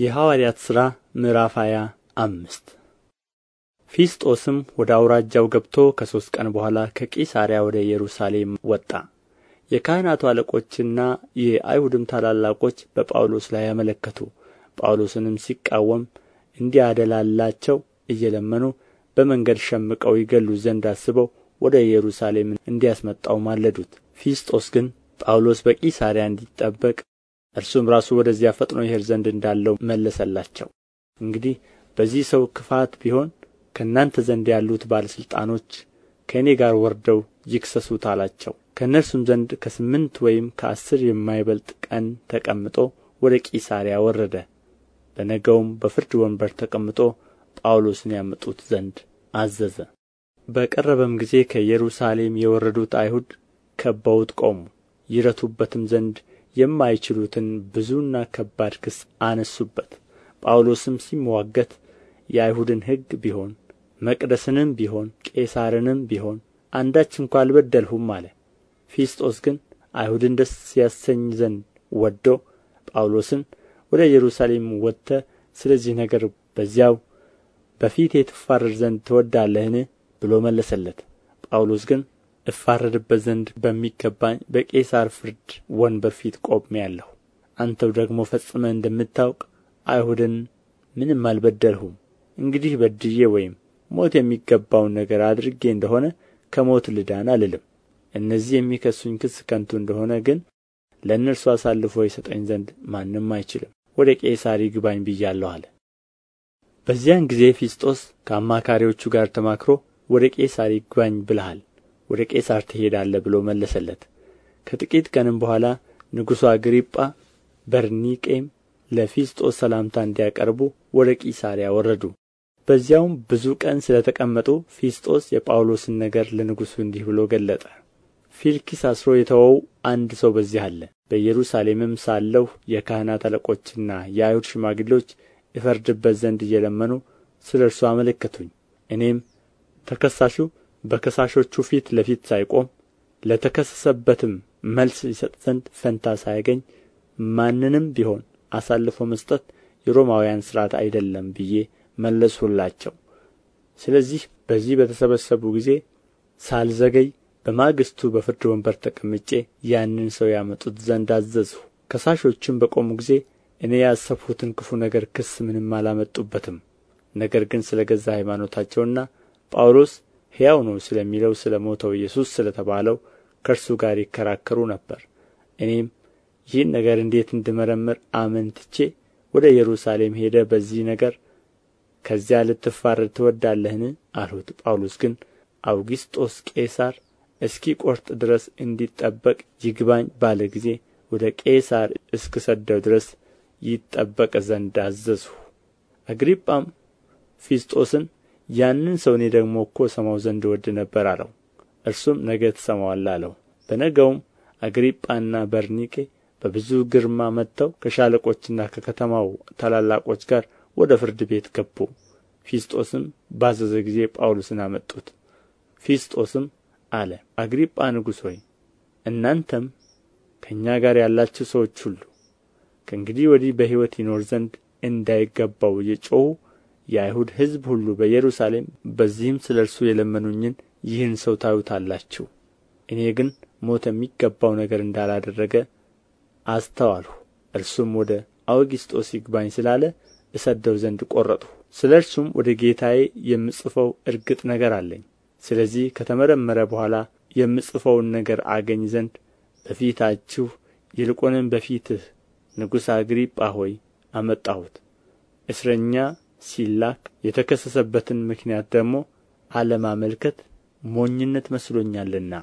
የሐዋርያት ሥራ ምዕራፍ ሃያ አምስት ፊስጦስም ወደ አውራጃው ገብቶ ከሦስት ቀን በኋላ ከቂሳርያ ወደ ኢየሩሳሌም ወጣ። የካህናቱ አለቆችና የአይሁድም ታላላቆች በጳውሎስ ላይ ያመለከቱ ጳውሎስንም ሲቃወም እንዲያደላላቸው እየለመኑ በመንገድ ሸምቀው ይገሉ ዘንድ አስበው ወደ ኢየሩሳሌም እንዲያስመጣው ማለዱት። ፊስጦስ ግን ጳውሎስ በቂሳርያ እንዲጠበቅ እርሱም ራሱ ወደዚያ ፈጥኖ ይሄድ ዘንድ እንዳለው መለሰላቸው እንግዲህ በዚህ ሰው ክፋት ቢሆን ከእናንተ ዘንድ ያሉት ባለሥልጣኖች ከእኔ ጋር ወርደው ይክሰሱት አላቸው ከእነርሱም ዘንድ ከስምንት ወይም ከአስር የማይበልጥ ቀን ተቀምጦ ወደ ቂሳርያ ወረደ በነገውም በፍርድ ወንበር ተቀምጦ ጳውሎስን ያመጡት ዘንድ አዘዘ በቀረበም ጊዜ ከኢየሩሳሌም የወረዱት አይሁድ ከበውት ቆሙ ይረቱበትም ዘንድ የማይችሉትን ብዙና ከባድ ክስ አነሱበት ጳውሎስም ሲምዋገት የአይሁድን ሕግ ቢሆን መቅደስንም ቢሆን ቄሳርንም ቢሆን አንዳች እንኳ አልበደልሁም አለ ፊስጦስ ግን አይሁድን ደስ ያሰኝ ዘንድ ወዶ ጳውሎስን ወደ ኢየሩሳሌም ወጥተ ስለዚህ ነገር በዚያው በፊቴ ትፋረድ ዘንድ ትወዳለህን ብሎ መለሰለት ጳውሎስ ግን እፋረድበት ዘንድ በሚገባኝ በቄሣር ፍርድ ወንበር ፊት ቆሜአለሁ አንተው ደግሞ ፈጽመህ እንደምታውቅ አይሁድን ምንም አልበደልሁም እንግዲህ በድዬ ወይም ሞት የሚገባውን ነገር አድርጌ እንደሆነ ከሞት ልዳን አልልም እነዚህ የሚከሱኝ ክስ ከንቱ እንደሆነ ግን ለእነርሱ አሳልፎ ይሰጠኝ ዘንድ ማንም አይችልም ወደ ቄሳር ይግባኝ ብያለሁ አለ በዚያን ጊዜ ፊስጦስ ከአማካሪዎቹ ጋር ተማክሮ ወደ ቄሳር ይግባኝ ብልሃል ወደ ቄሳር ትሄዳለህ ብሎ መለሰለት ከጥቂት ቀንም በኋላ ንጉሡ አግሪጳ በርኒቄም ለፊስጦስ ሰላምታ እንዲያቀርቡ ወደ ቂሳርያ ወረዱ በዚያውም ብዙ ቀን ስለ ተቀመጡ ፊስጦስ የጳውሎስን ነገር ለንጉሡ እንዲህ ብሎ ገለጠ ፊልኪስ አስሮ የተወው አንድ ሰው በዚህ አለ በኢየሩሳሌምም ሳለሁ የካህናት አለቆችና የአይሁድ ሽማግሌዎች እፈርድበት ዘንድ እየለመኑ ስለ እርሱ አመለከቱኝ እኔም ተከሳሹ በከሳሾቹ ፊት ለፊት ሳይቆም ለተከሰሰበትም መልስ ይሰጥ ዘንድ ፈንታ ሳያገኝ ማንንም ቢሆን አሳልፎ መስጠት የሮማውያን ሥርዓት አይደለም ብዬ መለስሁላቸው ስለዚህ በዚህ በተሰበሰቡ ጊዜ ሳልዘገይ በማግስቱ በፍርድ ወንበር ተቀምጬ ያንን ሰው ያመጡት ዘንድ አዘዝሁ። ከሳሾችም በቆሙ ጊዜ እኔ ያሰብሁትን ክፉ ነገር ክስ ምንም አላመጡበትም። ነገር ግን ስለ ገዛ ሃይማኖታቸውና ጳውሎስ ሕያው ነው ስለሚለው ስለ ሞተው ኢየሱስ ስለ ተባለው ከእርሱ ጋር ይከራከሩ ነበር እኔም ይህን ነገር እንዴት እንድመረምር አመንትቼ ወደ ኢየሩሳሌም ሄደ በዚህ ነገር ከዚያ ልትፋረድ ትወዳለህን አልሁት ጳውሎስ ግን አውግስጦስ ቄሳር ቆርጥ ድረስ እንዲጠበቅ ይግባኝ ባለ ጊዜ ወደ ቄሳር እስክሰደው ድረስ ይጠበቅ ዘንድ አዘዝሁ አግሪጳም ፊስጦስን ያንን ሰው እኔ ደግሞ እኮ ሰማው ዘንድ እወድ ነበር አለው እርሱም ነገ ትሰማዋለህ አለው በነገውም አግሪጳና በርኒቄ በብዙ ግርማ መጥተው ከሻለቆችና ከከተማው ታላላቆች ጋር ወደ ፍርድ ቤት ገቡ ፊስጦስም ባዘዘ ጊዜ ጳውሎስን አመጡት ፊስጦስም አለ አግሪጳ ንጉሥ ሆይ እናንተም ከእኛ ጋር ያላችሁ ሰዎች ሁሉ ከእንግዲህ ወዲህ በሕይወት ይኖር ዘንድ እንዳይገባው እየጮኹ የአይሁድ ሕዝብ ሁሉ በኢየሩሳሌም በዚህም ስለ እርሱ የለመኑኝን ይህን ሰው ታዩታላችሁ እኔ ግን ሞት የሚገባው ነገር እንዳላደረገ አስተዋልሁ እርሱም ወደ አውግስጦስ ይግባኝ ስላለ እሰደው ዘንድ ቈረጥሁ ስለ እርሱም ወደ ጌታዬ የምጽፈው እርግጥ ነገር አለኝ ስለዚህ ከተመረመረ በኋላ የምጽፈውን ነገር አገኝ ዘንድ በፊታችሁ ይልቁንም በፊትህ ንጉሥ አግሪጳ ሆይ አመጣሁት እስረኛ ሲላክ የተከሰሰበትን ምክንያት ደግሞ አለማመልከት ሞኝነት መስሎኛልና